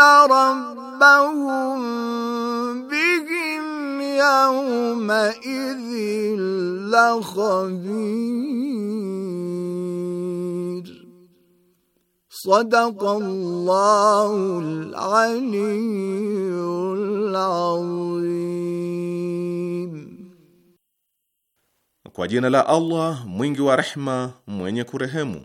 ربهم بهم يومئذ لخبير صدق الله العلي العظيم Kwa jina la Allah mwingi wa rehma mwenye kurehemu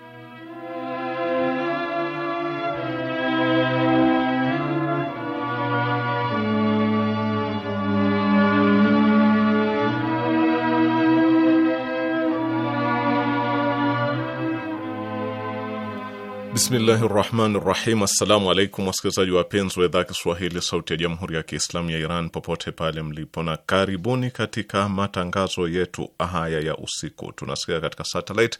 Bismillahi rahmani rahim. Assalamu alaikum wasikilizaji wapenzi wa idhaa Kiswahili sauti ya jamhuri ya Kiislamu ya Iran popote pale mlipo, na karibuni katika matangazo yetu haya ya usiku. Tunasikia katika satellite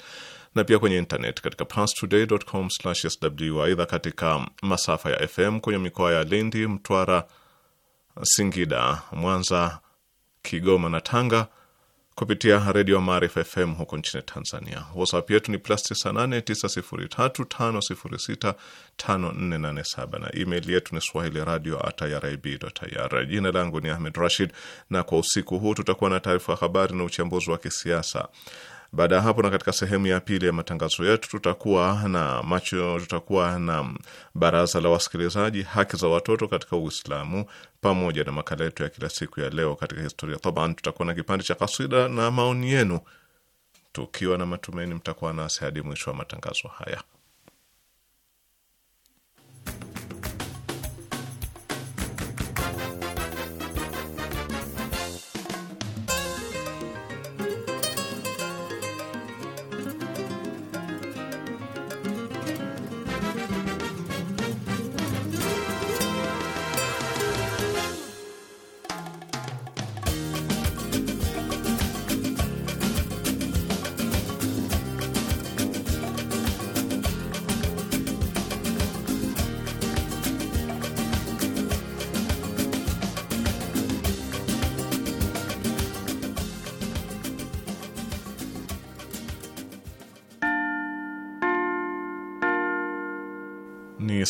na pia kwenye internet katika parstoday.com/sw. Aidha, katika masafa ya FM kwenye mikoa ya Lindi, Mtwara, Singida, Mwanza, Kigoma na Tanga kupitia redio Maarifa FM huko nchini Tanzania. WhatsApp yetu ni plus 989035065487 na email yetu ni swahili radio at irib.ir. Jina langu ni Ahmed Rashid, na kwa usiku huu tutakuwa na taarifa ya habari na uchambuzi wa kisiasa baada ya hapo, na katika sehemu ya pili ya matangazo yetu tutakuwa na macho, tutakuwa na baraza la wasikilizaji, haki za watoto katika Uislamu, pamoja na makala yetu ya kila siku ya leo katika historia. Taban, tutakuwa na kipande cha kasida na maoni yenu, tukiwa na matumaini mtakuwa nasi hadi mwisho wa matangazo haya.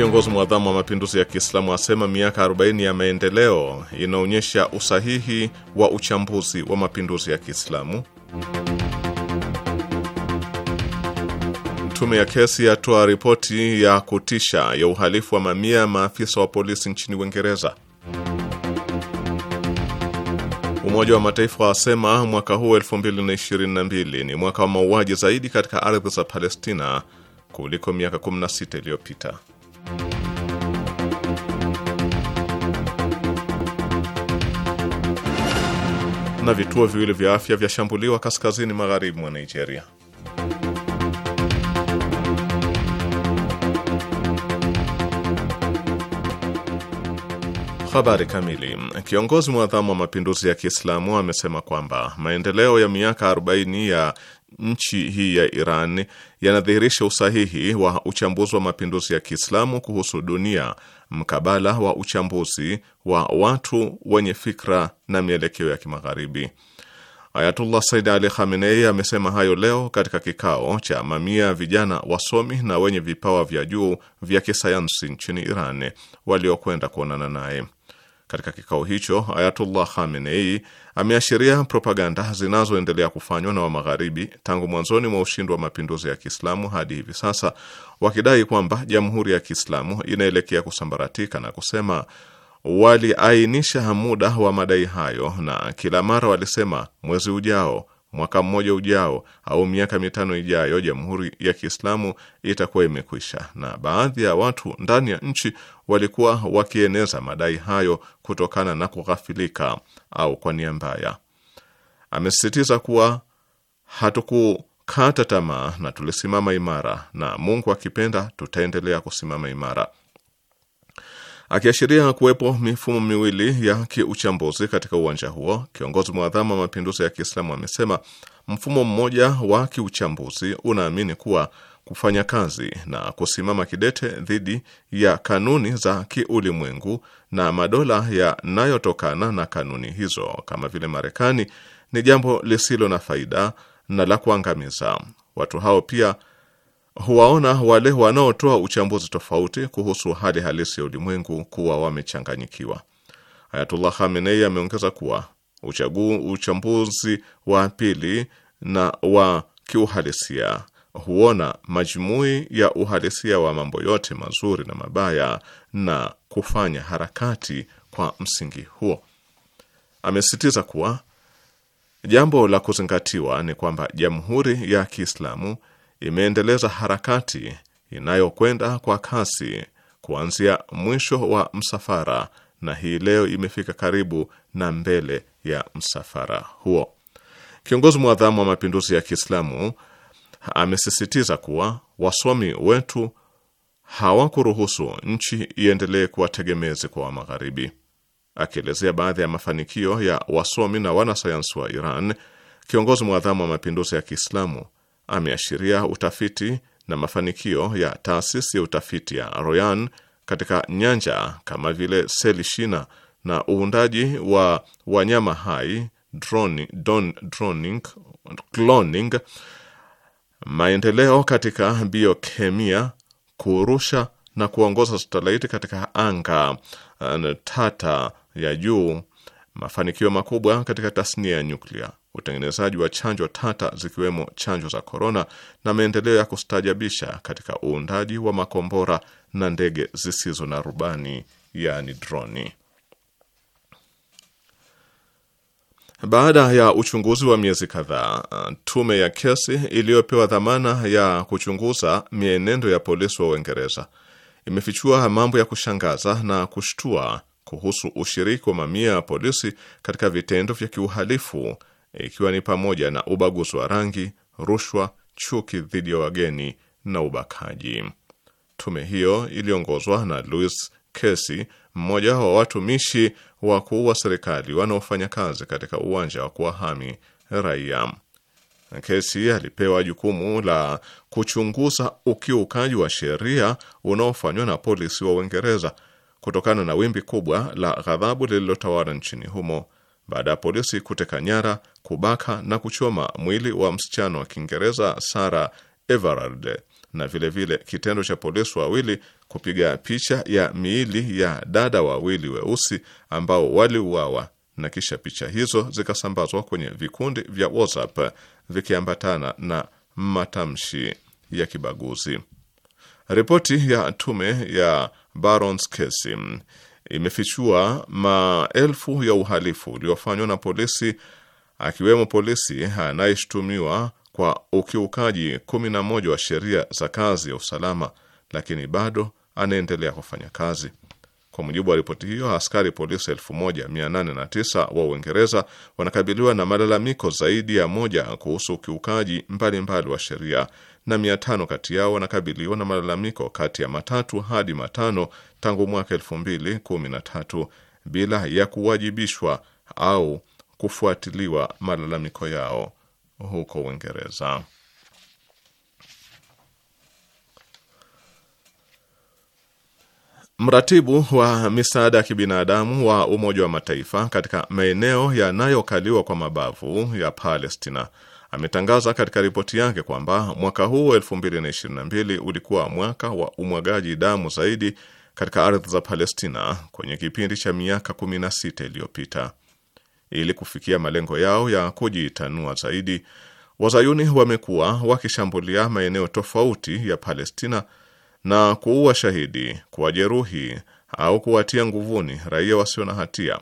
Kiongozi mwadhamu wa mapinduzi ya Kiislamu asema miaka 40 ya maendeleo inaonyesha usahihi wa uchambuzi wa mapinduzi ya Kiislamu. Tume ya kesi yatoa ripoti ya kutisha ya uhalifu wa mamia maafisa wa polisi nchini Uingereza. Umoja wa Mataifa wasema mwaka huu 2022 ni mwaka wa mauaji zaidi katika ardhi za Palestina kuliko miaka 16 iliyopita. Na vituo viwili vya afya vyashambuliwa kaskazini magharibi mwa Nigeria. Habari kamili. Kiongozi mwadhamu wa mapinduzi ya Kiislamu amesema kwamba maendeleo ya miaka 40 ya nchi hii ya Iran yanadhihirisha usahihi wa uchambuzi wa mapinduzi ya Kiislamu kuhusu dunia mkabala wa uchambuzi wa watu wenye fikra na mielekeo ya Kimagharibi. Ayatullah Said Ali Khamenei amesema hayo leo katika kikao cha mamia vijana wasomi na wenye vipawa vya juu vya kisayansi nchini Iran waliokwenda kuonana naye. Katika kikao hicho Ayatullah Khamenei ameashiria propaganda zinazoendelea kufanywa na Wamagharibi tangu mwanzoni mwa ushindi wa mapinduzi ya Kiislamu hadi hivi sasa, wakidai kwamba jamhuri ya Kiislamu inaelekea kusambaratika na kusema waliainisha muda wa madai hayo na kila mara walisema mwezi ujao, mwaka mmoja ujao au miaka mitano ijayo, Jamhuri ya Kiislamu itakuwa imekwisha. Na baadhi ya watu ndani ya nchi walikuwa wakieneza madai hayo kutokana na kughafilika au kwa nia mbaya. Amesisitiza kuwa hatukukata tamaa na tulisimama imara, na Mungu akipenda tutaendelea kusimama imara. Akiashiria kuwepo mifumo miwili ya kiuchambuzi katika uwanja huo, kiongozi mwadhamu wa mapinduzi ya Kiislamu amesema mfumo mmoja wa kiuchambuzi unaamini kuwa kufanya kazi na kusimama kidete dhidi ya kanuni za kiulimwengu na madola yanayotokana na kanuni hizo kama vile Marekani ni jambo lisilo na faida na la kuangamiza. Watu hao pia huwaona wale wanaotoa uchambuzi tofauti kuhusu hali halisi ya ulimwengu kuwa wamechanganyikiwa. Ayatullah Khamenei ameongeza kuwa uchagu, uchambuzi wa pili na wa kiuhalisia huona majumui ya uhalisia wa mambo yote mazuri na mabaya na kufanya harakati kwa msingi huo. Amesisitiza kuwa jambo la kuzingatiwa ni kwamba Jamhuri ya Kiislamu imeendeleza harakati inayokwenda kwa kasi kuanzia mwisho wa msafara na hii leo imefika karibu na mbele ya msafara huo. Kiongozi mwadhamu wa mapinduzi ya Kiislamu amesisitiza kuwa wasomi wetu hawakuruhusu nchi iendelee kuwa tegemezi kwa wa Magharibi. Akielezea baadhi ya mafanikio ya wasomi na wanasayansi wa Iran, kiongozi mwadhamu wa mapinduzi ya Kiislamu ameashiria utafiti na mafanikio ya taasisi ya utafiti ya Royan katika nyanja kama vile seli shina na uundaji wa wanyama hai drone, don, droning, cloning, maendeleo katika biokemia, kurusha na kuongoza satelaiti katika anga eh, tata ya juu, mafanikio makubwa katika tasnia ya nyuklia utengenezaji wa chanjo tata zikiwemo chanjo za korona na maendeleo ya kustajabisha katika uundaji wa makombora na ndege zisizo na rubani yaani droni. Baada ya uchunguzi wa miezi kadhaa, tume ya kesi iliyopewa dhamana ya kuchunguza mienendo ya polisi wa Uingereza imefichua mambo ya kushangaza na kushtua kuhusu ushiriki wa mamia ya polisi katika vitendo vya kiuhalifu ikiwa ni pamoja na ubaguzi wa rangi, rushwa, chuki dhidi ya wageni na ubakaji. Tume hiyo iliongozwa na Louis Kesi, mmoja wa watumishi wakuu wa serikali wanaofanya kazi katika uwanja wa kuwahami raia. Kesi alipewa jukumu la kuchunguza ukiukaji wa sheria unaofanywa na polisi wa Uingereza kutokana na wimbi kubwa la ghadhabu lililotawala nchini humo baada ya polisi kuteka nyara, kubaka na kuchoma mwili wa msichana wa Kiingereza Sarah Everard na vilevile vile, kitendo cha polisi wawili kupiga picha ya miili ya dada wawili weusi ambao waliuawa na kisha picha hizo zikasambazwa kwenye vikundi vya WhatsApp vikiambatana na matamshi ya kibaguzi. Ripoti ya tume ya Barons imefichua maelfu ya uhalifu uliofanywa na polisi akiwemo polisi anayeshutumiwa kwa ukiukaji kumi na moja wa sheria za kazi ya usalama, lakini bado anaendelea kufanya kazi. Kwa mujibu wa ripoti hiyo, askari polisi 1809 wa Uingereza wanakabiliwa na malalamiko zaidi ya moja kuhusu ukiukaji mbalimbali wa sheria na 500 kati yao wanakabiliwa na malalamiko kati ya matatu hadi matano tangu mwaka 2013 bila ya kuwajibishwa au kufuatiliwa malalamiko yao huko Uingereza. Mratibu wa misaada ya kibinadamu wa Umoja wa Mataifa katika maeneo yanayokaliwa kwa mabavu ya Palestina ametangaza katika ripoti yake kwamba mwaka huu 2022 ulikuwa mwaka wa umwagaji damu zaidi katika ardhi za Palestina kwenye kipindi cha miaka 16 iliyopita. Ili kufikia malengo yao ya kujitanua zaidi, wazayuni wamekuwa wakishambulia maeneo tofauti ya Palestina na kuua shahidi, kuwajeruhi au kuwatia nguvuni raia wasio na hatia.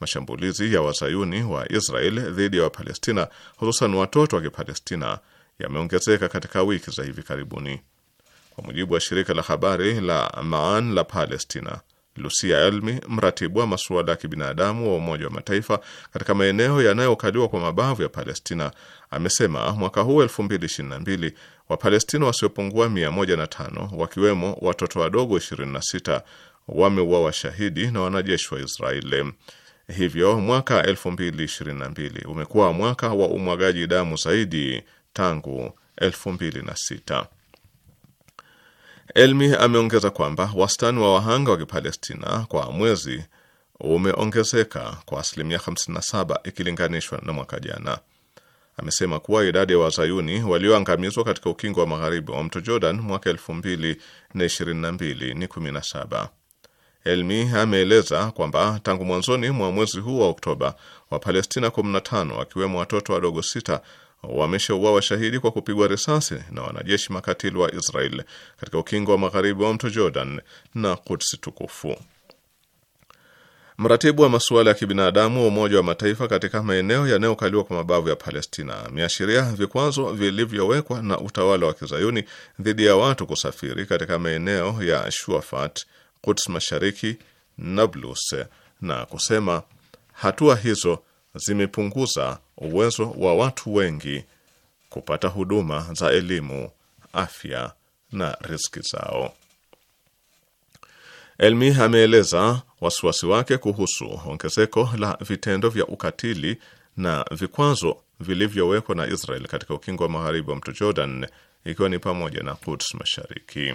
Mashambulizi ya wazayuni wa Israel dhidi ya Wapalestina, hususan watoto wa Kipalestina, yameongezeka katika wiki za hivi karibuni. Kwa mujibu wa shirika la habari la Maan la Palestina, Lucia Elmi, mratibu wa masuala ya kibinadamu wa Umoja wa Mataifa katika maeneo yanayokaliwa kwa mabavu ya Palestina, amesema mwaka huu 2022 Wapalestina wasiopungua 105 wakiwemo watoto wadogo 26 wameuawa shahidi na wanajeshi wa Israeli. Hivyo mwaka 2022 umekuwa mwaka wa umwagaji damu zaidi tangu 2006. Elmi ameongeza kwamba wastani wa wahanga wa Kipalestina kwa mwezi umeongezeka kwa asilimia 57 ikilinganishwa na mwaka jana amesema kuwa idadi ya wazayuni walioangamizwa katika ukingo wa magharibi wa mto Jordan mwaka mbili ni 17. Elmi ameeleza kwamba tangu mwanzoni mwa mwezi huu wa Oktoba, Wapalestina 15 wakiwemo watoto wadogo sita wameshauawa washahidi kwa kupigwa risasi na wanajeshi makatili wa Israel katika ukingo wa magharibi wa mto Jordan na Kudsi tukufu. Mratibu wa masuala ya kibinadamu wa Umoja wa Mataifa katika maeneo yanayokaliwa kwa mabavu ya Palestina ameashiria vikwazo vilivyowekwa na utawala wa kizayuni dhidi ya watu kusafiri katika maeneo ya Shuafat, Quds Mashariki, Nablus na kusema hatua hizo zimepunguza uwezo wa watu wengi kupata huduma za elimu, afya na riziki zao. Elmi ameeleza wasiwasi wake kuhusu ongezeko la vitendo vya ukatili na vikwazo vilivyowekwa na Israel katika ukingo wa magharibi wa mto Jordan, ikiwa ni pamoja na Quds Mashariki.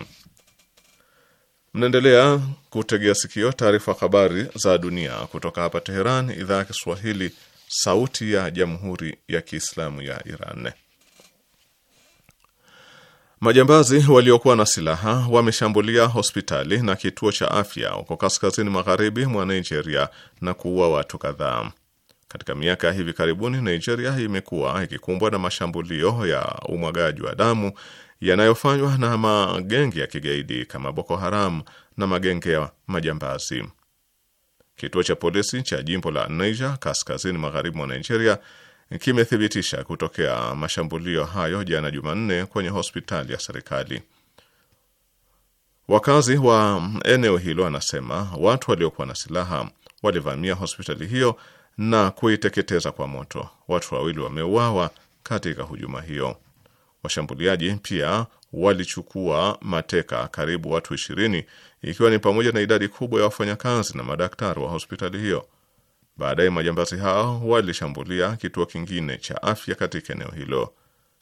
Mnaendelea kutegea sikio taarifa habari za dunia kutoka hapa Teheran, idhaa ya Kiswahili, sauti ya jamhuri ya kiislamu ya Iran. Majambazi waliokuwa na silaha wameshambulia hospitali na kituo cha afya huko kaskazini magharibi mwa Nigeria na kuua watu kadhaa. Katika miaka ya hivi karibuni, Nigeria imekuwa ikikumbwa na mashambulio ya umwagaji wa damu yanayofanywa na magenge ya kigaidi kama Boko Haram na magenge ya majambazi. Kituo cha polisi cha jimbo la Niger kaskazini magharibi mwa Nigeria kimethibitisha kutokea mashambulio hayo jana Jumanne kwenye hospitali ya serikali. Wakazi wa eneo hilo wanasema watu waliokuwa na silaha walivamia hospitali hiyo na kuiteketeza kwa moto. Watu wawili wameuawa katika hujuma hiyo. Washambuliaji pia walichukua mateka karibu watu ishirini, ikiwa ni pamoja na idadi kubwa ya wafanyakazi na madaktari wa hospitali hiyo. Baadaye majambazi hao walishambulia kituo kingine cha afya katika eneo hilo.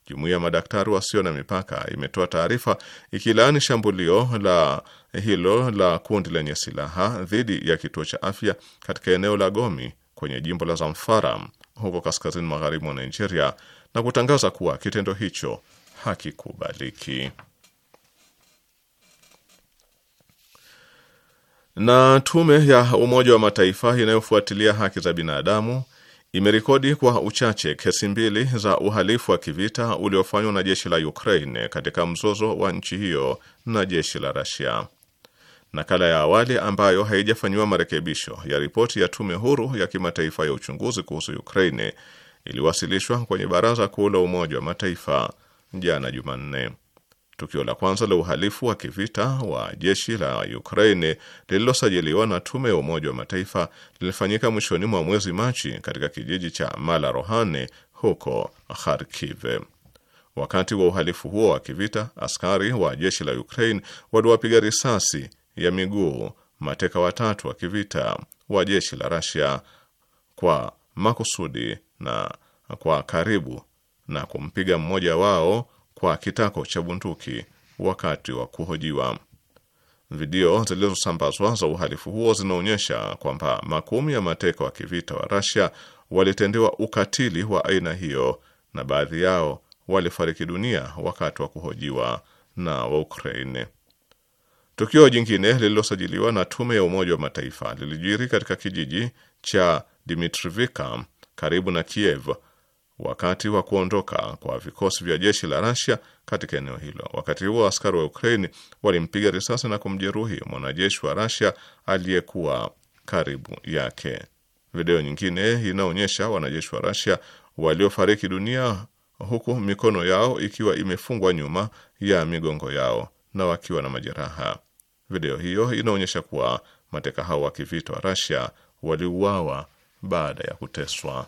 Jumuiya ya madaktari wasio na mipaka imetoa taarifa ikilaani shambulio la hilo la kundi lenye silaha dhidi ya kituo cha afya katika eneo la Gomi kwenye jimbo la Zamfara huko kaskazini magharibi mwa Nigeria na kutangaza kuwa kitendo hicho hakikubaliki. Na tume ya Umoja wa Mataifa inayofuatilia haki za binadamu imerekodi kwa uchache kesi mbili za uhalifu wa kivita uliofanywa na jeshi la Ukraine katika mzozo wa nchi hiyo na jeshi la Russia. Nakala ya awali ambayo haijafanyiwa marekebisho ya ripoti ya tume huru ya kimataifa ya uchunguzi kuhusu Ukraine iliwasilishwa kwenye Baraza Kuu la Umoja wa Mataifa jana Jumanne. Tukio la kwanza la uhalifu wa kivita wa jeshi la Ukraine lililosajiliwa na tume ya Umoja wa Mataifa lilifanyika mwishoni mwa mwezi Machi katika kijiji cha Mala Rohane huko Kharkiv. Wakati wa uhalifu huo wa kivita, askari wa jeshi la Ukraine waliwapiga risasi ya miguu mateka watatu wa kivita wa jeshi la Russia kwa makusudi na kwa karibu na kumpiga mmoja wao kwa kitako cha bunduki wakati wa kuhojiwa. Video zilizosambazwa za uhalifu huo zinaonyesha kwamba makumi ya mateka wa kivita wa Russia walitendewa ukatili wa aina hiyo na baadhi yao walifariki dunia wakati wa kuhojiwa na wa Ukraine. Tukio jingine lililosajiliwa na tume ya Umoja wa Mataifa lilijiri katika kijiji cha Dimitrivka karibu na Kiev wakati wa kuondoka kwa vikosi vya jeshi la Rasia katika eneo hilo. Wakati huo askari wa ukrain walimpiga risasi na kumjeruhi mwanajeshi wa Rasia aliyekuwa karibu yake. Video nyingine inaonyesha wanajeshi wa Rasia waliofariki dunia huku mikono yao ikiwa imefungwa nyuma ya migongo yao na wakiwa na majeraha. Video hiyo inaonyesha kuwa mateka hao wa kivita wa Rasia waliuawa baada ya kuteswa.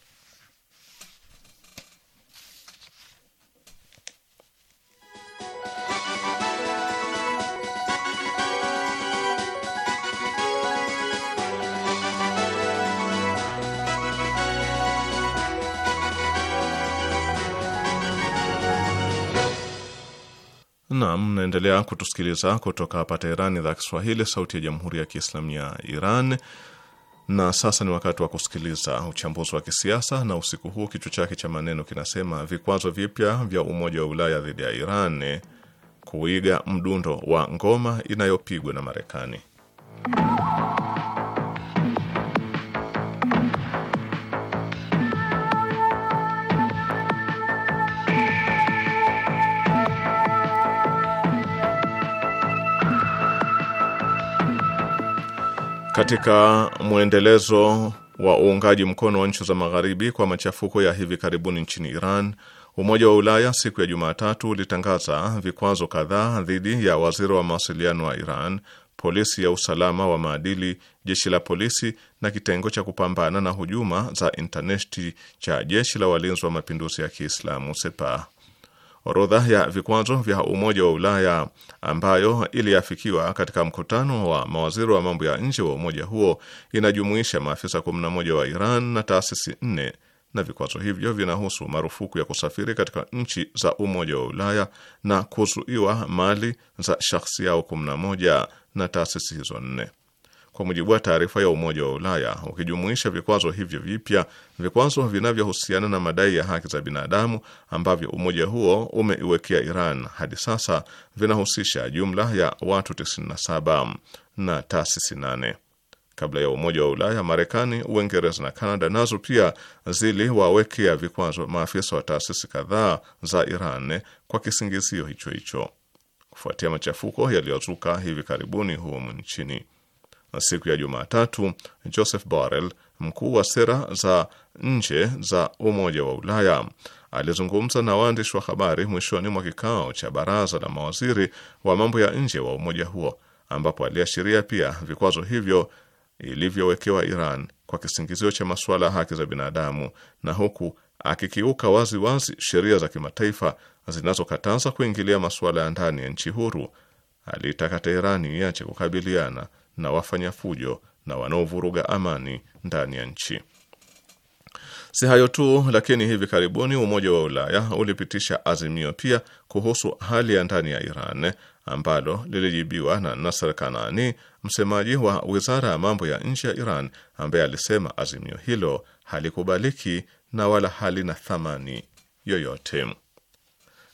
na mnaendelea kutusikiliza kutoka hapa Teherani, idhaa Kiswahili, sauti ya jamhuri ya kiislamu ya Iran. Na sasa ni wakati wa kusikiliza uchambuzi wa kisiasa, na usiku huu kichwa chake cha maneno kinasema vikwazo vipya vya Umoja wa Ulaya dhidi ya Iran kuiga mdundo wa ngoma inayopigwa na Marekani. katika mwendelezo wa uungaji mkono wa nchi za magharibi kwa machafuko ya hivi karibuni nchini Iran, Umoja wa Ulaya siku ya Jumatatu ulitangaza vikwazo kadhaa dhidi ya waziri wa mawasiliano wa Iran, polisi ya usalama wa maadili, jeshi la polisi na kitengo cha kupambana na hujuma za intaneti cha jeshi la walinzi wa mapinduzi ya Kiislamu Sepah. Orodha ya vikwazo vya Umoja wa Ulaya ambayo iliafikiwa katika mkutano wa mawaziri wa mambo ya nje wa umoja huo inajumuisha maafisa 11 wa Iran na taasisi nne, na vikwazo hivyo vinahusu marufuku ya kusafiri katika nchi za Umoja wa Ulaya na kuzuiwa mali za shakhsi yao 11 na taasisi hizo nne kwa mujibu wa taarifa ya Umoja wa Ulaya, ukijumuisha vikwazo hivyo vipya, vikwazo vinavyohusiana na madai ya haki za binadamu ambavyo umoja huo umeiwekea Iran hadi sasa vinahusisha jumla ya watu 97 na taasisi 8. Kabla ya Umoja wa Ulaya, Marekani, Uingereza na Kanada nazo pia ziliwawekea vikwazo maafisa wa taasisi kadhaa za Iran kwa kisingizio hicho hicho, kufuatia machafuko yaliyozuka hivi karibuni humu nchini. Siku ya Jumatatu, Joseph Borrell, mkuu wa sera za nje za Umoja wa Ulaya, alizungumza na waandishi wa habari mwishoni mwa kikao cha baraza la mawaziri wa mambo ya nje wa umoja huo, ambapo aliashiria pia vikwazo hivyo ilivyowekewa Iran kwa kisingizio cha masuala ya haki za binadamu na huku akikiuka wazi wazi sheria za kimataifa zinazokataza kuingilia masuala ya ndani ya nchi huru. Aliitaka Teherani iache kukabiliana na wafanya fujo na wanaovuruga amani ndani ya nchi. Si hayo tu, lakini hivi karibuni Umoja wa Ulaya ulipitisha azimio pia kuhusu hali ya ndani ya Iran ambalo lilijibiwa na Nasser Kanani, msemaji wa wizara ya mambo ya nje ya Iran, ambaye alisema azimio hilo halikubaliki na wala halina thamani yoyote.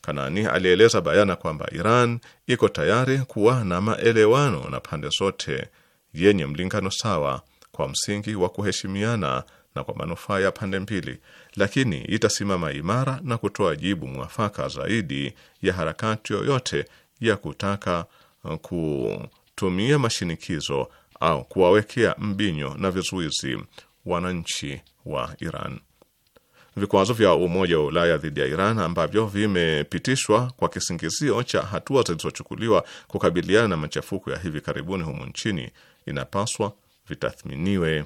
Kanani alieleza bayana kwamba Iran iko tayari kuwa na maelewano na pande zote yenye mlingano sawa kwa msingi wa kuheshimiana na kwa manufaa ya pande mbili, lakini itasimama imara na kutoa jibu mwafaka zaidi ya harakati yoyote ya kutaka uh, kutumia mashinikizo au kuwawekea mbinyo na vizuizi wananchi wa Iran vikwazo vya Umoja wa Ulaya dhidi ya Iran ambavyo vimepitishwa kwa kisingizio cha hatua zilizochukuliwa kukabiliana na machafuko ya hivi karibuni humu nchini inapaswa vitathminiwe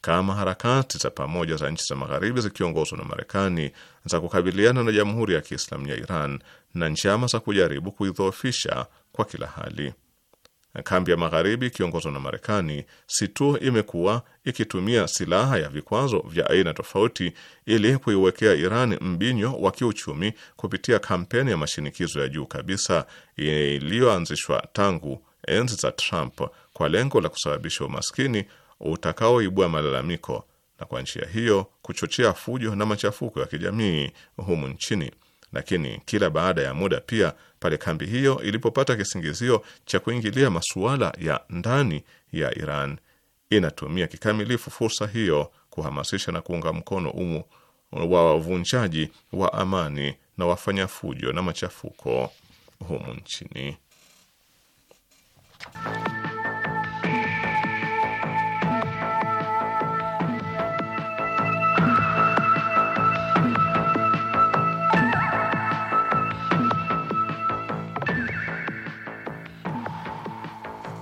kama harakati za pamoja za nchi za Magharibi zikiongozwa na Marekani za kukabiliana na Jamhuri ya Kiislamu ya Iran na njama za kujaribu kuidhoofisha kwa kila hali kambi ya magharibi ikiongozwa na Marekani si tu imekuwa ikitumia silaha ya vikwazo vya aina tofauti ili kuiwekea Iran mbinyo wa kiuchumi kupitia kampeni ya mashinikizo ya juu kabisa iliyoanzishwa tangu enzi za Trump kwa lengo la kusababisha umaskini utakaoibua malalamiko na kwa njia hiyo kuchochea fujo na machafuko ya kijamii humu nchini. Lakini kila baada ya muda pia, pale kambi hiyo ilipopata kisingizio cha kuingilia masuala ya ndani ya Iran, inatumia kikamilifu fursa hiyo kuhamasisha na kuunga mkono umu wa wavunjaji wa amani na wafanya fujo na machafuko humu nchini.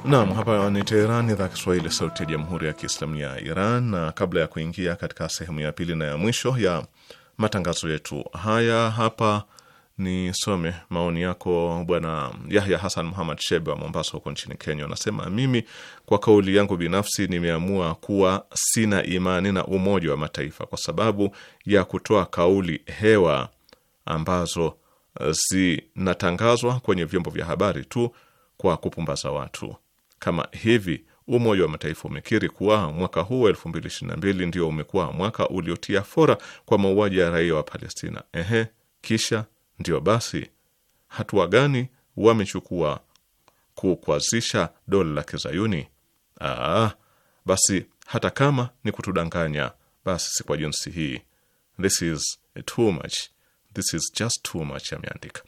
Naam, hapa ni Teherani, idhaa Kiswahili, sauti ya jamhuri ya kiislamu ya Iran. Na kabla ya kuingia katika sehemu ya pili na ya mwisho ya matangazo yetu haya, hapa nisome maoni yako. Bwana Yahya Hasan Muhamad Shebe wa Mombasa huko nchini Kenya anasema, mimi kwa kauli yangu binafsi nimeamua kuwa sina imani na Umoja wa Mataifa kwa sababu ya kutoa kauli hewa ambazo zinatangazwa kwenye vyombo vya habari tu kwa kupumbaza watu kama hivi, Umoja wa Mataifa umekiri kuwa mwaka huu wa mbili ndio umekuwa mwaka uliotia fora kwa mauaji ya raia wa Palestina. Ehe, kisha ndio basi, hatua gani wamechukua kukwazisha dola la Kizayuni? Aa, ah, basi hata kama ni kutudanganya, basi si kwa jinsi hii. This is too much, this is just too much, ameandika.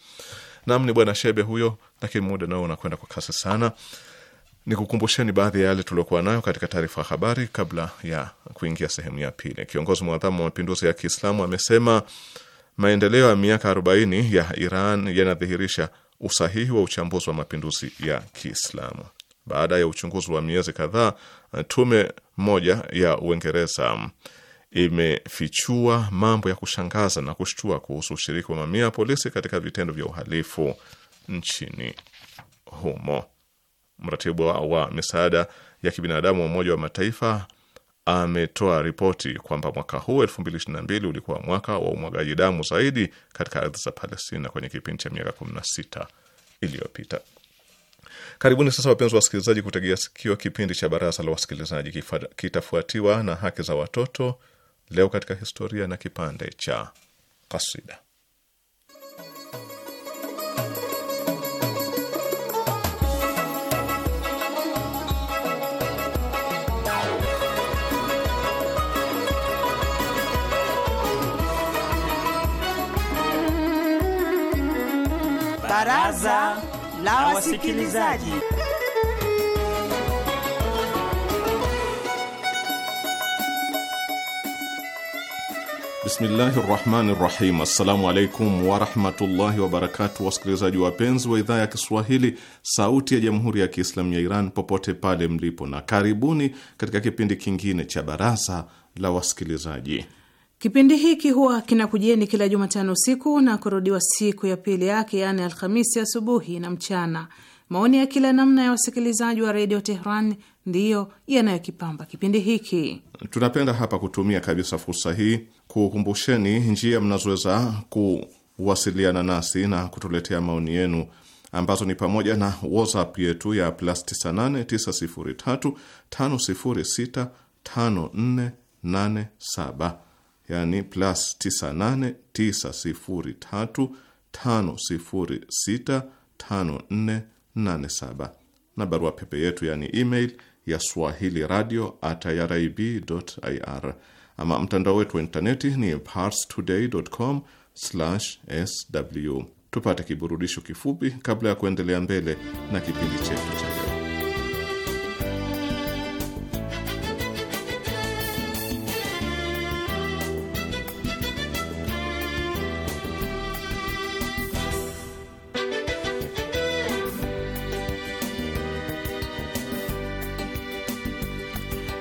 Naam, ni bwana Shebe huyo, lakini muda nao unakwenda kwa kasi sana ni kukumbusheni baadhi ya yale tuliokuwa nayo katika taarifa ya habari kabla ya kuingia sehemu ya pili. Kiongozi mwadhamu wa mapinduzi ya Kiislamu amesema maendeleo ya miaka 40 ya Iran yanadhihirisha usahihi wa uchambuzi wa mapinduzi ya Kiislamu. Baada ya uchunguzi wa miezi kadhaa, tume moja ya Uingereza imefichua mambo ya kushangaza na kushtua kuhusu ushiriki wa mamia ya polisi katika vitendo vya uhalifu nchini humo. Mratibu wa, wa misaada ya kibinadamu wa Umoja wa Mataifa ametoa ripoti kwamba mwaka huu 2022 ulikuwa mwaka wa umwagaji damu zaidi katika ardhi za Palestina kwenye kipindi cha miaka 16 iliyopita. Karibuni sasa wapenzi wa wasikilizaji, kutegea sikio kipindi cha baraza la wasikilizaji, kitafuatiwa na haki za watoto, leo katika historia na kipande cha kasida. Baraza la Wasikilizaji. Bismillahi rahmani rahim. Assalamu alaikum warahmatullahi wabarakatu. Wasikilizaji wapenzi wa idhaa ya Kiswahili sauti ya jamhuri ya Kiislamu ya Iran popote pale mlipo, na karibuni katika kipindi kingine cha baraza la wasikilizaji. Kipindi hiki huwa kinakujieni kila Jumatano usiku na kurudiwa siku ya pili yake, yaani Alhamisi asubuhi ya na mchana. Maoni ya kila namna ya wasikilizaji wa redio Tehran ndiyo yanayokipamba kipindi hiki. Tunapenda hapa kutumia kabisa fursa hii kukumbusheni njia mnazoweza kuwasiliana nasi na kutuletea maoni yenu ambazo ni pamoja na WhatsApp yetu ya plus 989035065487 yani plus 989035065487 na barua pepe yetu yani email ya swahili radio at irib ir. Ama mtandao wetu wa intaneti ni parstoday.com sw. Tupate kiburudisho kifupi kabla ya kuendelea mbele na kipindi chetu cha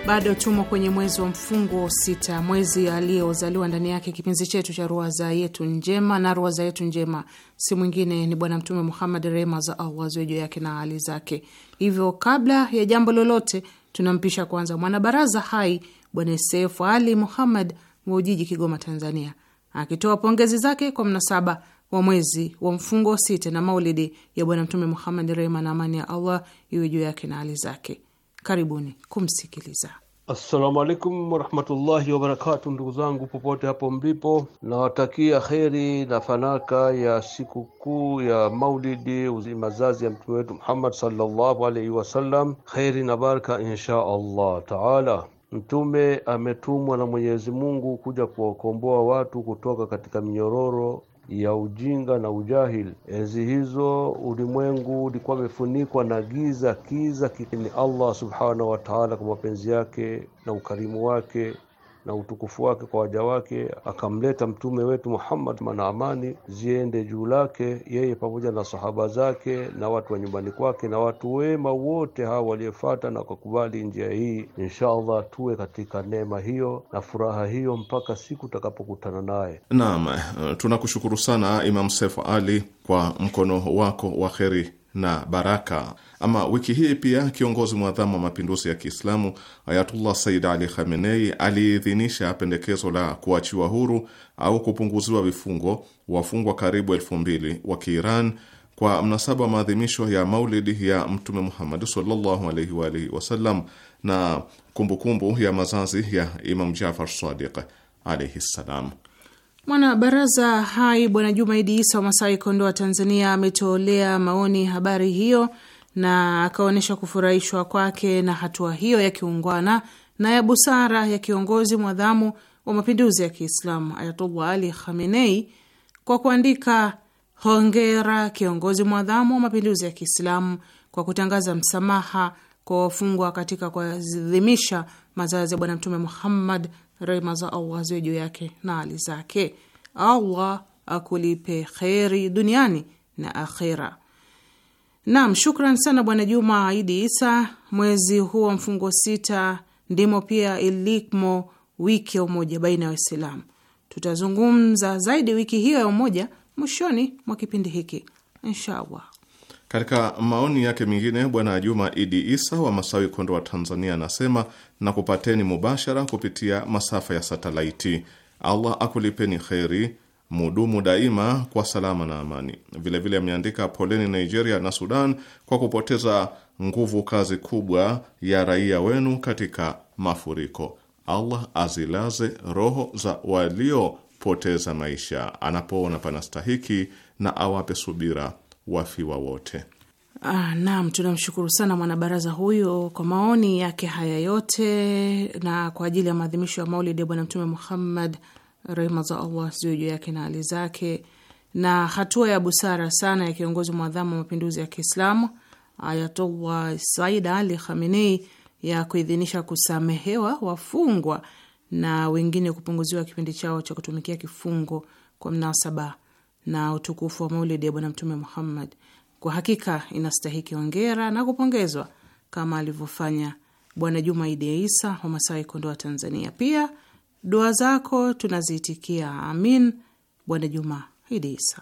Bado tumo kwenye mwezi wa mfungo sita, mwezi aliyozaliwa ndani yake kipenzi chetu cha ruwaza yetu njema, na ruwaza yetu njema si mwingine ni Bwana Mtume Muhammad, rehma za Allah ziwe juu yake na hali zake. Hivyo kabla ya jambo lolote, tunampisha kwanza mwanabaraza hai Bwana Sefu Ali Muhammad wa Ujiji, Kigoma, Tanzania, akitoa pongezi zake kwa mnasaba wa mwezi wa mfungo sita na maulidi ya Bwana Mtume Muhammad, rehma na amani ya Allah iwe juu yake na hali zake. Karibuni kumsikiliza. Assalamu alaikum warahmatullahi wabarakatu, ndugu zangu popote hapo mlipo, nawatakia kheri na fanaka ya sikukuu ya maulidi mazazi ya mtume wetu Muhammad sallallahu alaihi wasallam, kheri na baraka insha Allah taala. Mtume ametumwa na Mwenyezi Mungu kuja kuwakomboa watu kutoka katika minyororo ya ujinga na ujahili. Enzi hizo ulimwengu ulikuwa umefunikwa na giza, kiza. Ni Allah subhanahu wa ta'ala kwa mapenzi yake na ukarimu wake na utukufu wake kwa waja wake, akamleta mtume wetu Muhammad, mana amani ziende juu lake yeye pamoja na sahaba zake na watu wa nyumbani kwake na watu wema wote hao waliofuata na kukubali njia hii. Insha Allah tuwe katika neema hiyo na furaha hiyo mpaka siku tutakapokutana naye. Naam, tunakushukuru sana Imam sefu Ali kwa mkono wako wa kheri na baraka. Ama wiki hii pia kiongozi mwadhamu wa mapinduzi ya Kiislamu Ayatullah Sayyid Ali Khamenei aliidhinisha pendekezo la kuachiwa huru au kupunguziwa vifungo wafungwa karibu elfu mbili wa Kiiran kwa mnasaba wa maadhimisho ya maulidi ya Mtume Muhammad sallallahu alaihi wa alihi wasallam na kumbukumbu ya mazazi ya Imam Jafar Sadiq alaihi ssalam. Mwanabaraza hai Bwana Jumaidi Isa wa Masai, Kondoa, Tanzania, ametolea maoni habari hiyo na akaonyesha kufurahishwa kwake na hatua hiyo ya kiungwana na ya busara ya kiongozi mwadhamu wa mapinduzi ya Kiislamu Ayatullah Ali Khamenei kwa kuandika hongera kiongozi mwadhamu wa mapinduzi ya Kiislamu kwa kutangaza msamaha kwa wafungwa katika kuadhimisha mazazi ya Bwana Mtume Muhammad rehma za Allah ziwe juu yake na ali zake. Allah akulipe kheri duniani na akhira Naam, shukran sana Bwana Juma Aidi Isa. Mwezi huu wa mfungo sita ndimo pia ilimo wiki ya umoja baina ya Waislamu. Tutazungumza zaidi wiki hiyo ya umoja mwishoni mwa kipindi hiki inshallah. Katika maoni yake mengine, Bwana Juma Idi Isa wa Masawi, Kondo wa Tanzania, anasema na kupateni mubashara kupitia masafa ya satelaiti. Allah akulipeni kheri, mudumu daima kwa salama na amani. Vilevile ameandika poleni Nigeria na Sudan kwa kupoteza nguvu kazi kubwa ya raia wenu katika mafuriko. Allah azilaze roho za waliopoteza maisha anapoona panastahiki na awape subira wafiwa wote. Ah, naam, tunamshukuru sana mwanabaraza huyo kwa maoni yake haya yote na kwa ajili ya maadhimisho ya maulidi ya Bwana Mtume Muhammad, rehma za Allah ziwe juu yake na hali zake, na hatua ya busara sana ya kiongozi mwadhamu wa mapinduzi ya Kiislamu Ayatollah Said Ali Khamenei ya kuidhinisha kusamehewa wafungwa na wengine kupunguziwa kipindi chao cha kutumikia kifungo kwa mnasaba na utukufu wa maulidi ya Bwana Mtume Muhammad kwa hakika inastahiki ongera na kupongezwa kama alivyofanya Bwana Juma Idi Isa wa Masai, Kondoa, Tanzania. Pia dua zako tunaziitikia, amin. Bwana Juma Idi Isa.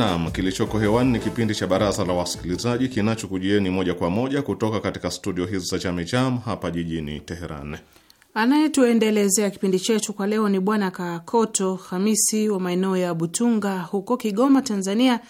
Naam, kilichoko hewani ni kipindi cha Baraza la Wasikilizaji kinachokujieni moja kwa moja kutoka katika studio hizi za Chamicham hapa jijini Teheran. Anayetuendelezea kipindi chetu kwa leo ni Bwana Kakoto Hamisi wa maeneo ya Butunga huko Kigoma, Tanzania,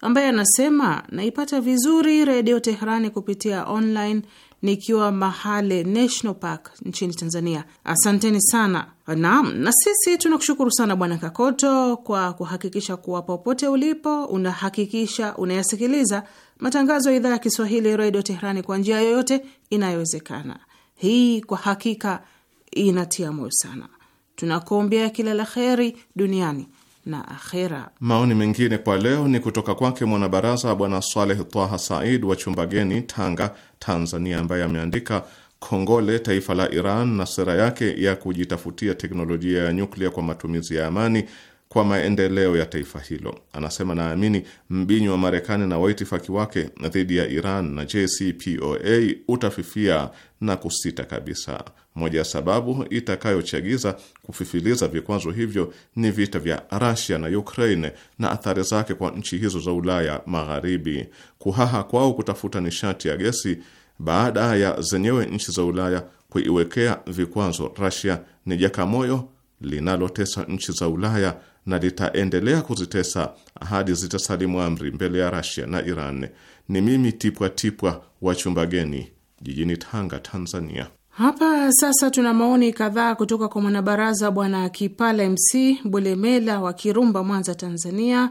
ambaye anasema naipata vizuri Redio Teherani kupitia online nikiwa Mahale National Park nchini Tanzania. Asanteni sana. Naam, na sisi tunakushukuru sana Bwana Kakoto kwa kuhakikisha kuwa popote ulipo unahakikisha unayasikiliza matangazo ya idhaa ya Kiswahili Redio Teherani kwa njia yoyote inayowezekana. Hii kwa hakika inatia moyo sana. Tunakuombea kila la kheri duniani na akhera. Maoni mengine kwa leo ni kutoka kwake mwanabaraza Bwana Saleh Taha Said wa Chumbageni, Tanga, Tanzania, ambaye ameandika Kongole taifa la Iran na sera yake ya kujitafutia teknolojia ya nyuklia kwa matumizi ya amani kwa maendeleo ya taifa hilo. Anasema, naamini mbinyo wa Marekani na waitifaki wake dhidi ya Iran na JCPOA utafifia na kusita kabisa. Moja ya sababu itakayochagiza kufifiliza vikwazo hivyo ni vita vya rasia na Ukraine na athari zake kwa nchi hizo za Ulaya Magharibi, kuhaha kwao kutafuta nishati ya gesi baada ya zenyewe nchi za Ulaya kuiwekea vikwazo rasia ni jakamoyo linalotesa nchi za Ulaya na litaendelea kuzitesa hadi zitasalimu amri mbele ya Rasia na Iran. Ni mimi Tipwa Tipwa wa Chumbageni, jijini Tanga, Tanzania. Hapa sasa tuna maoni kadhaa kutoka kwa mwanabaraza Bwana Kipala MC Bulemela wa Kirumba, Mwanza, Tanzania.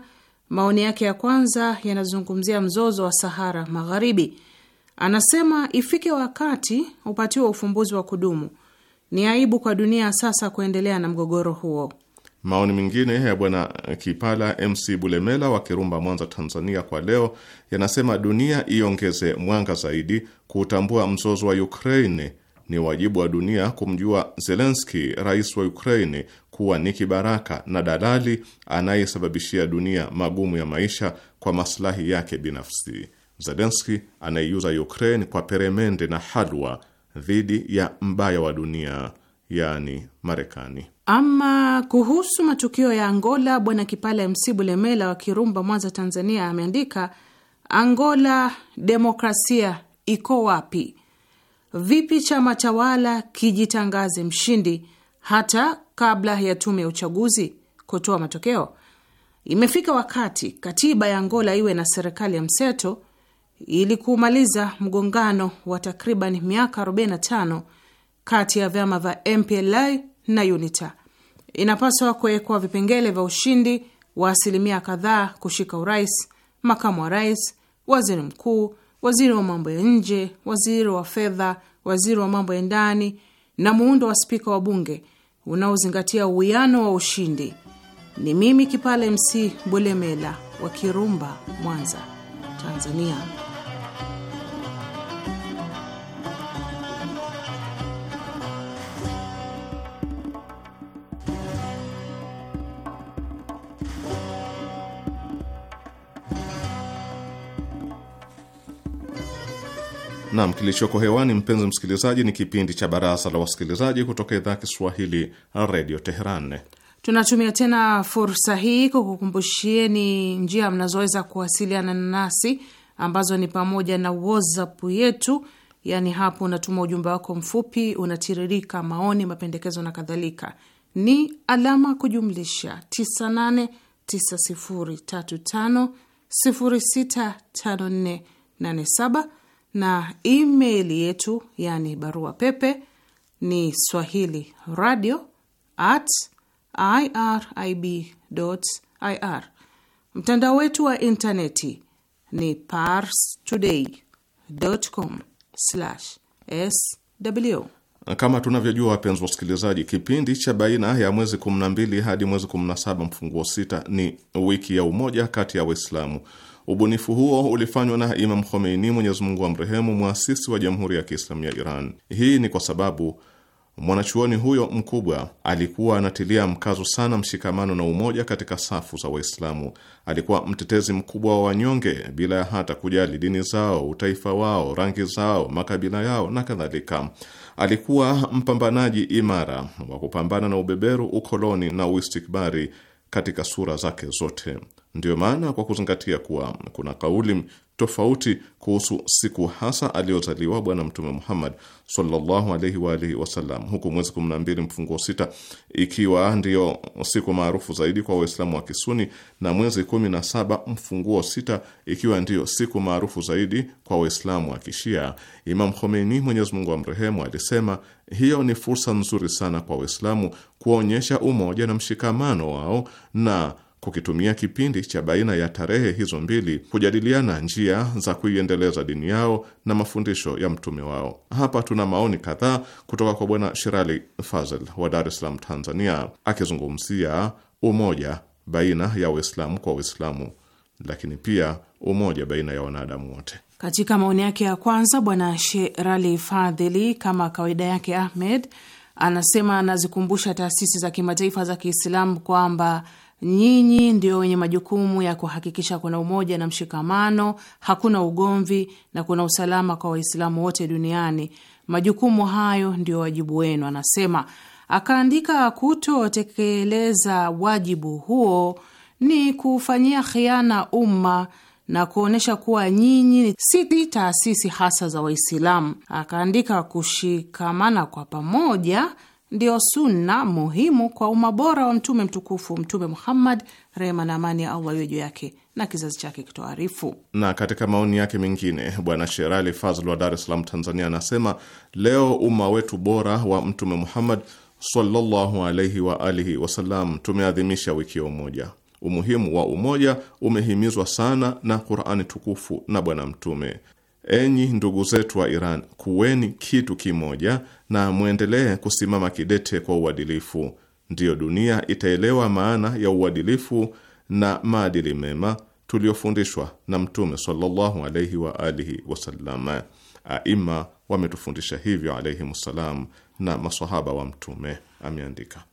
Maoni yake ya kwanza yanazungumzia mzozo wa Sahara Magharibi. Anasema ifike wakati upatiwe ufumbuzi wa kudumu ni aibu kwa dunia sasa kuendelea na mgogoro huo. Maoni mengine ya bwana Kipala MC Bulemela wa Kirumba, Mwanza, Tanzania, kwa leo yanasema dunia iongeze mwanga zaidi kuutambua mzozo wa Ukraini. Ni wajibu wa dunia kumjua Zelenski, rais wa Ukraini, kuwa ni kibaraka na dalali anayesababishia dunia magumu ya maisha kwa maslahi yake binafsi. Zelenski anaiuza Ukraini kwa peremende na halwa dhidi ya mbaya wa dunia, yaani Marekani. Ama kuhusu matukio ya Angola, Bwana Kipala mc bulemela wa Kirumba, Mwanza, Tanzania, ameandika Angola, demokrasia iko wapi? Vipi chama tawala kijitangaze mshindi hata kabla ya tume ya uchaguzi kutoa matokeo? Imefika wakati katiba ya Angola iwe na serikali ya mseto ili kumaliza mgongano wa takriban miaka 45 kati ya vyama vya MPLA na UNITA. Inapaswa kuwekwa vipengele vya ushindi wa asilimia kadhaa kushika urais, makamu wa rais, waziri mkuu, waziri wa mambo ya nje, waziri wa fedha, waziri wa mambo ya ndani na muundo wa spika wa bunge unaozingatia uwiano wa ushindi. Ni mimi Kipale MC Bulemela wa Kirumba, Mwanza, Tanzania. Nam, kilichoko hewani mpenzi msikilizaji, ni kipindi cha Baraza la Wasikilizaji kutoka idhaa Kiswahili Radio Teheran. Tunatumia tena fursa hii kukukumbushieni njia mnazoweza kuwasiliana nasi ambazo ni pamoja na WhatsApp yetu, yaani hapo unatuma ujumbe wako mfupi, unatiririka maoni, mapendekezo na kadhalika, ni alama kujumlisha 989035065487 na email yetu yani barua pepe ni swahili radio at irib ir. Mtandao wetu wa intaneti ni pars today com sw. Kama tunavyojua wapenzi wasikilizaji, kipindi cha baina ya mwezi 12 hadi mwezi 17 mfunguo sita ni wiki ya umoja kati ya Waislamu. Ubunifu huo ulifanywa na Imam Khomeini, Mwenyezi Mungu amrehemu, mwasisi wa Jamhuri ya Kiislamu ya Iran. Hii ni kwa sababu mwanachuoni huyo mkubwa alikuwa anatilia mkazo sana mshikamano na umoja katika safu za Waislamu. Alikuwa mtetezi mkubwa wa wanyonge bila ya hata kujali dini zao, utaifa wao, rangi zao, makabila yao na kadhalika. Alikuwa mpambanaji imara wa kupambana na ubeberu, ukoloni na uistikbari katika sura zake zote. Ndiyo maana kwa kuzingatia kuwa kuna kauli tofauti kuhusu siku hasa aliyozaliwa Bwana Mtume Muhammad sallallahu alaihi wa alihi wasallam, huku mwezi 12 sita ikiwa ndiyo siku maarufu zaidi kwa Waislamu wa Kisuni na mwezi 17 mfunguo sita ikiwa ndiyo siku maarufu zaidi kwa Waislamu wa Kishia, Imam Khomeini, Mwenyezi Mungu amrehemu, alisema hiyo ni fursa nzuri sana kwa Waislamu kuonyesha umoja na mshikamano wao na kukitumia kipindi cha baina ya tarehe hizo mbili kujadiliana njia za kuiendeleza dini yao na mafundisho ya mtume wao. Hapa tuna maoni kadhaa kutoka kwa Bwana Shirali Fazl wa Dar es Salaam, Tanzania, akizungumzia umoja baina ya Uislamu kwa uislamu lakini pia umoja baina ya wanadamu wote. Katika maoni yake ya kwanza, Bwana Sherali Fadhili, kama kawaida yake, Ahmed anasema anazikumbusha taasisi za kimataifa za Kiislamu kwamba Nyinyi ndio wenye majukumu ya kuhakikisha kuna umoja na mshikamano, hakuna ugomvi na kuna usalama kwa Waislamu wote duniani. Majukumu hayo ndio wajibu wenu, anasema. Akaandika, kutotekeleza wajibu huo ni kufanyia khiana umma na kuonyesha kuwa nyinyi si taasisi hasa za Waislamu. Akaandika, kushikamana kwa pamoja ndiyo sunna muhimu kwa umma bora wa mtume mtukufu Mtume Muhammad, rehma na amani ya Allah iwe juu yake na kizazi chake kitoarifu. Na katika maoni yake mengine, Bwana Sherali Fazl wa Dar es Salaam, Tanzania, anasema leo umma wetu bora wa Mtume Muhammad sallallahu alaihi wa alihi wasallam tumeadhimisha wiki ya umoja. Umuhimu wa umoja umehimizwa sana na Qurani tukufu na Bwana Mtume Enyi ndugu zetu wa Iran, kuweni kitu kimoja na mwendelee kusimama kidete kwa uadilifu. Ndiyo dunia itaelewa maana ya uadilifu na maadili mema tuliofundishwa na Mtume sallallahu alaihi wa alihi wasallam. Aima wametufundisha hivyo alaihimussalam, na masahaba wa Mtume, ameandika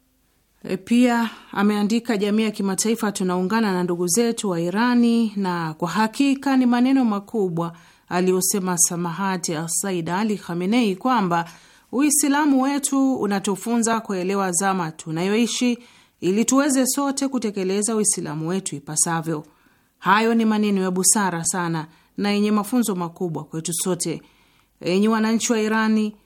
e, pia ameandika, jamii ya kimataifa tunaungana na ndugu zetu wa Irani, na kwa hakika ni maneno makubwa aliyosema samahati Said Ali Khamenei kwamba Uislamu wetu unatufunza kuelewa zama tunayoishi ili tuweze sote kutekeleza Uislamu wetu ipasavyo. Hayo ni maneno ya busara sana na yenye mafunzo makubwa kwetu sote. Enyi wananchi wa Irani,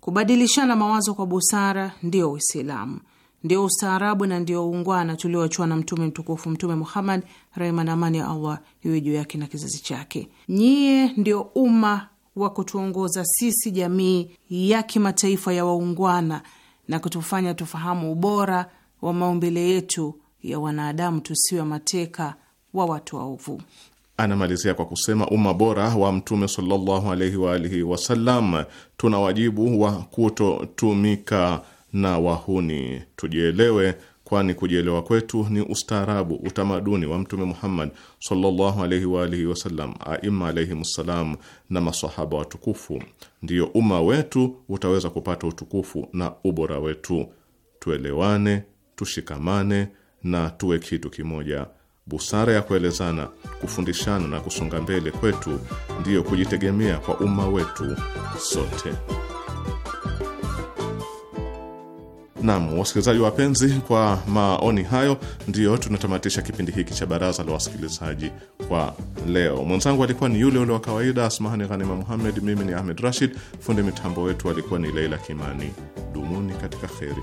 kubadilishana mawazo kwa busara ndiyo Uislamu ndio ustaarabu na ndio uungwana tulioachiwa na mtume mtukufu Mtume Muhammad, rehma na amani ya Allah iwe juu yake na kizazi chake. nyiye ndio umma wa kutuongoza sisi, jamii ya kimataifa ya waungwana, na kutufanya tufahamu ubora wa maumbile yetu ya wanadamu, tusiwe mateka wa watu waovu. Anamalizia kwa kusema umma bora wa mtume sallallahu alaihi wa alihi wasallam, tuna wajibu wa kutotumika na wahuni. Tujielewe, kwani kujielewa kwetu ni ustaarabu, utamaduni wa Mtume Muhammad sallallahu alaihi wa alihi wasallam, aima alaihimssalam, na masahaba watukufu. Ndiyo umma wetu utaweza kupata utukufu na ubora wetu. Tuelewane, tushikamane na tuwe kitu kimoja. Busara ya kuelezana, kufundishana na kusonga mbele kwetu ndiyo kujitegemea kwa umma wetu sote. Nam wasikilizaji wapenzi, kwa maoni hayo ndiyo tunatamatisha kipindi hiki cha baraza la wasikilizaji kwa leo. Mwenzangu alikuwa ni yule ule wa kawaida Asmahani Ghanima Muhammed, mimi ni Ahmed Rashid, fundi mitambo wetu alikuwa ni Leila Kimani. Dumuni katika kheri.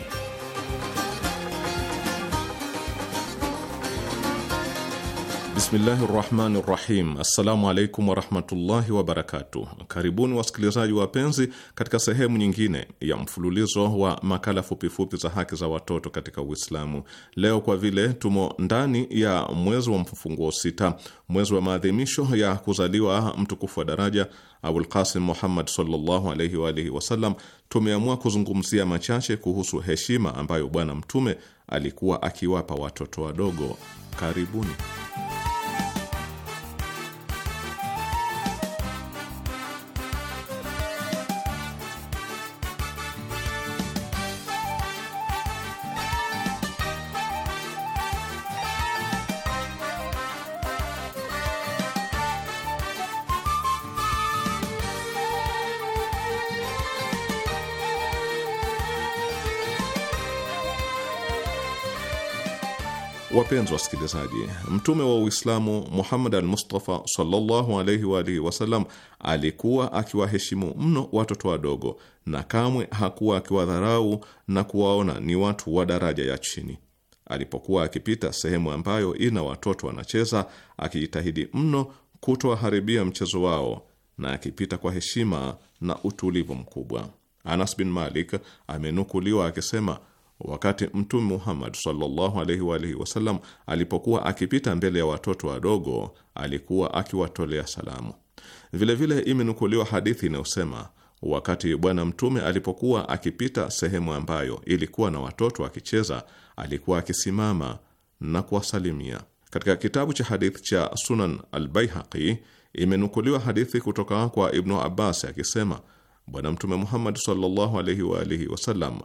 Bismillahi rahmani rahim. Assalamu alaikum warahmatullahi wabarakatuh. Karibuni wasikilizaji wapenzi, katika sehemu nyingine ya mfululizo wa makala fupifupi za haki za watoto katika Uislamu. Leo kwa vile tumo ndani ya mwezi wa mfunguo sita, mwezi wa maadhimisho ya kuzaliwa mtukufu wa daraja Abul Muhammad sallallahu alaihi wa alihi wasallam, tumeamua kuzungumzia machache kuhusu heshima ambayo Bwana Mtume alikuwa akiwapa watoto wadogo. Karibuni. Wapenzi wasikilizaji, mtume wa Uislamu Muhammad al-Mustafa sallallahu alaihi wa alihi wasallam alikuwa akiwaheshimu mno watoto wadogo na kamwe hakuwa akiwadharau na kuwaona ni watu wa daraja ya chini. Alipokuwa akipita sehemu ambayo ina watoto wanacheza, akijitahidi mno kutowaharibia mchezo wao na akipita kwa heshima na utulivu mkubwa. Anas bin Malik amenukuliwa akisema wakati Mtume Muhammad sallallahu alaihi wa alihi wasallam alipokuwa akipita mbele ya watoto wadogo alikuwa akiwatolea salamu. Vilevile imenukuliwa hadithi inayosema wakati Bwana Mtume alipokuwa akipita sehemu ambayo ilikuwa na watoto akicheza, alikuwa akisimama na kuwasalimia. Katika kitabu cha hadithi cha Sunan al-Baihaqi imenukuliwa hadithi kutoka kwa Ibnu Abbas akisema Bwana Mtume Muhammad sallallahu alaihi wa alihi wasallam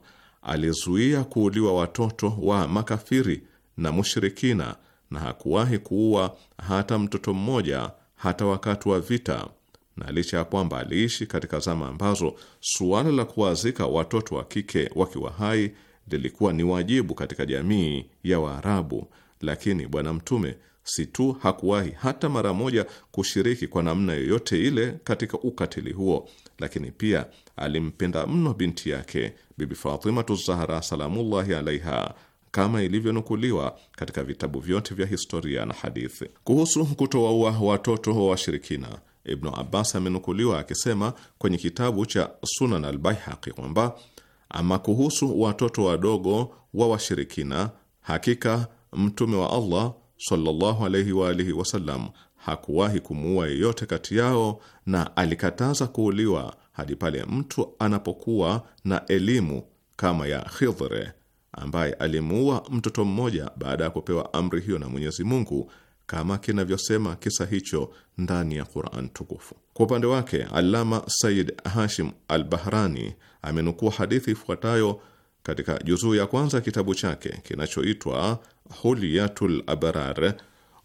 alizuia kuuliwa watoto wa makafiri na mushirikina na hakuwahi kuua hata mtoto mmoja hata wakati wa vita, na licha ya kwamba aliishi katika zama ambazo suala la kuwazika watoto wa kike wakiwa hai lilikuwa ni wajibu katika jamii ya Waarabu, lakini Bwana Mtume si tu hakuwahi hata mara moja kushiriki kwa namna yoyote ile katika ukatili huo lakini pia alimpenda mno binti yake Bibi Fatimatu Zahra salamullahi alaiha kama ilivyonukuliwa katika vitabu vyote vya historia na hadithi. Kuhusu kutowaua watoto wa washirikina, Ibnu Abbas amenukuliwa akisema kwenye kitabu cha Sunan al-Baihaqi kwamba ama kuhusu watoto wadogo wa washirikina, hakika mtume wa Allah sallallahu alaihi wa alihi wasallam hakuwahi kumuua yeyote kati yao na alikataza kuuliwa hadi pale mtu anapokuwa na elimu kama ya Khidhre ambaye alimuua mtoto mmoja baada ya kupewa amri hiyo na Mwenyezi Mungu kama kinavyosema kisa hicho ndani ya Quran tukufu. Kwa upande wake, alama said Hashim al-Bahrani amenukua hadithi ifuatayo katika juzuu ya kwanza kitabu chake kinachoitwa Hulyatul Abrar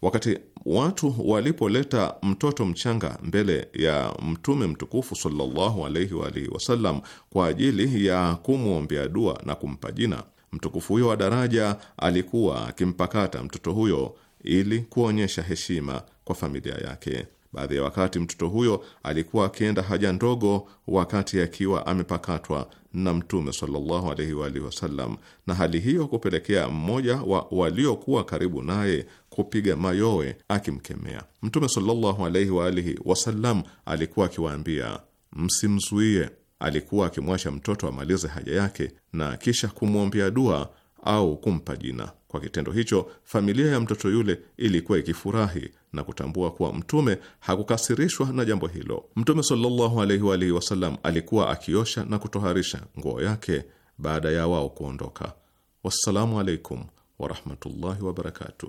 Wakati watu walipoleta mtoto mchanga mbele ya Mtume mtukufu sallallahu alaihi wa alihi wasallam kwa ajili ya kumwombea dua na kumpa jina, mtukufu huyo wa daraja alikuwa akimpakata mtoto huyo ili kuonyesha heshima kwa familia yake. Baadhi ya wakati mtoto huyo alikuwa akienda haja ndogo wakati akiwa amepakatwa na Mtume sallallahu alaihi wa alihi wasallam, na hali hiyo kupelekea mmoja wa waliokuwa karibu naye kupiga mayowe akimkemea Mtume sallallahu alaihi wa alihi wasallam. Alikuwa akiwaambia msimzuie. Alikuwa akimwacha mtoto amalize haja yake na kisha kumwombea dua au kumpa jina. Kwa kitendo hicho, familia ya mtoto yule ilikuwa ikifurahi na kutambua kuwa Mtume hakukasirishwa na jambo hilo. Mtume sallallahu alaihi wa alihi wasallam alikuwa akiosha na kutoharisha nguo yake baada ya wao kuondoka. Wassalamu alaikum ورحمة الله وبركاته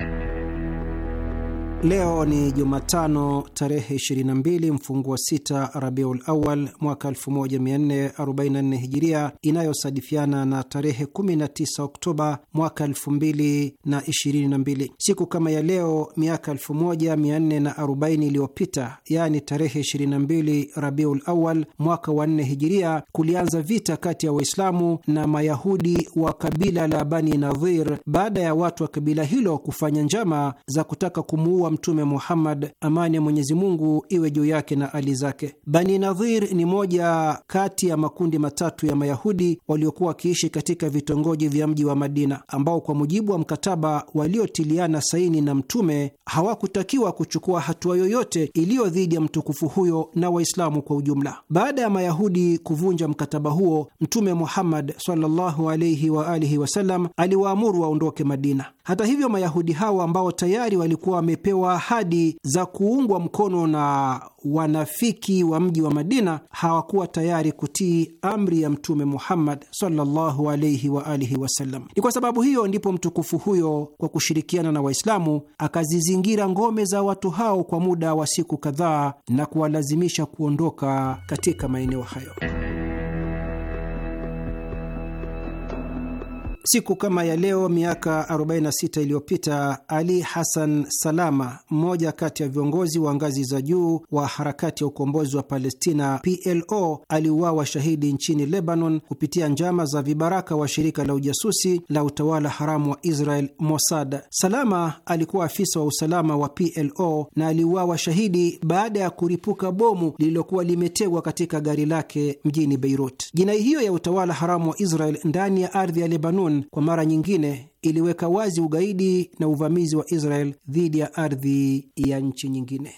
Leo ni Jumatano tarehe 22 mfungu wa 6 Rabiul Awal mwaka 1444 Hijiria, inayosadifiana na tarehe 19 Oktoba mwaka 2022. Siku kama ya leo miaka 1440 iliyopita, yaani tarehe 22 Rabiul Awal mwaka wa 4 Hijiria, kulianza vita kati ya Waislamu na Mayahudi wa kabila la Bani Nadhir baada ya watu wa kabila hilo kufanya njama za kutaka kumuua Mtume Muhammad, amani ya Mwenyezi Mungu iwe juu yake na ali zake. Bani Nadhir ni moja kati ya makundi matatu ya Mayahudi waliokuwa wakiishi katika vitongoji vya mji wa Madina, ambao kwa mujibu wa mkataba waliotiliana saini na Mtume hawakutakiwa kuchukua hatua yoyote iliyo dhidi ya mtukufu huyo na Waislamu kwa ujumla. Baada ya Mayahudi kuvunja mkataba huo, Mtume Muhammad sallallahu alaihi wasallam aliwaamuru waondoke Madina. Hata hivyo, Mayahudi hao ambao tayari walikuwa wamepewa ahadi za kuungwa mkono na wanafiki wa mji wa Madina hawakuwa tayari kutii amri ya Mtume Muhammad sallallahu alaihi wa alihi wasallam. Ni kwa sababu hiyo ndipo mtukufu huyo kwa kushirikiana na Waislamu akazizingira ngome za watu hao kwa muda wa siku kadhaa na kuwalazimisha kuondoka katika maeneo hayo. Siku kama ya leo miaka 46 iliyopita, Ali Hassan Salama, mmoja kati ya viongozi wa ngazi za juu wa harakati ya ukombozi wa Palestina PLO, aliuawa shahidi nchini Lebanon kupitia njama za vibaraka wa shirika la ujasusi la utawala haramu wa Israel Mossad. Salama alikuwa afisa wa usalama wa PLO na aliuawa shahidi baada ya kuripuka bomu lililokuwa limetegwa katika gari lake mjini Beirut. Jinai hiyo ya utawala haramu wa Israel ndani ya ardhi ya Lebanon Lebanon kwa mara nyingine iliweka wazi ugaidi na uvamizi wa Israel dhidi ya ardhi ya nchi nyingine.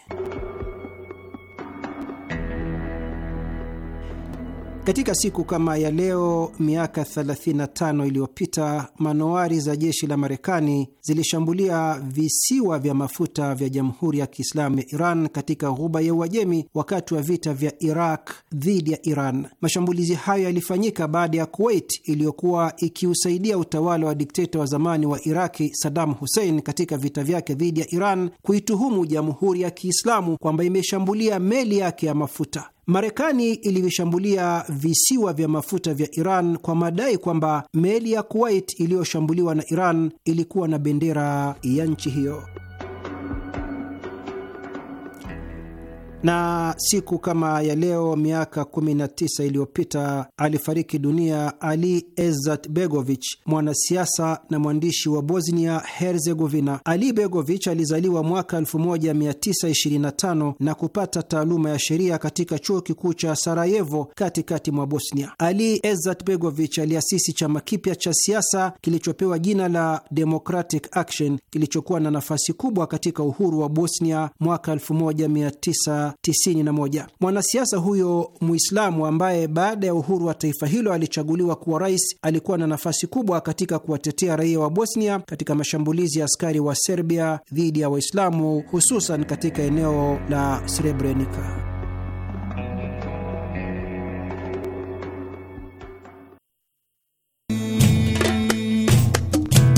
Katika siku kama ya leo miaka 35 iliyopita manowari za jeshi la Marekani zilishambulia visiwa vya mafuta vya Jamhuri ya Kiislamu ya Iran katika ghuba ya Uajemi wakati wa vita vya Iraq dhidi ya Iran. Mashambulizi hayo yalifanyika baada ya Kuwait iliyokuwa ikiusaidia utawala wa dikteta wa zamani wa Iraki Saddam Hussein katika vita vyake dhidi ya Iran kuituhumu Jamhuri ya Kiislamu kwamba imeshambulia meli yake ya mafuta. Marekani ilivishambulia visiwa vya mafuta vya Iran kwa madai kwamba meli ya Kuwait iliyoshambuliwa na Iran ilikuwa na bendera ya nchi hiyo. na siku kama ya leo miaka 19 iliyopita alifariki dunia Ali Ezat Begovich, mwanasiasa na mwandishi wa Bosnia Herzegovina. Ali Begovich alizaliwa mwaka 1925 na kupata taaluma ya sheria katika chuo kikuu cha Sarajevo, katikati mwa Bosnia. Ali Ezat Begovich aliasisi chama kipya cha siasa kilichopewa jina la Democratic Action kilichokuwa na nafasi kubwa katika uhuru wa Bosnia mwaka 19 1991. Mwanasiasa huyo Muislamu ambaye baada ya uhuru wa taifa hilo alichaguliwa kuwa rais, alikuwa na nafasi kubwa katika kuwatetea raia wa Bosnia katika mashambulizi ya askari wa Serbia dhidi ya Waislamu, hususan katika eneo la Srebrenica.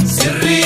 Siri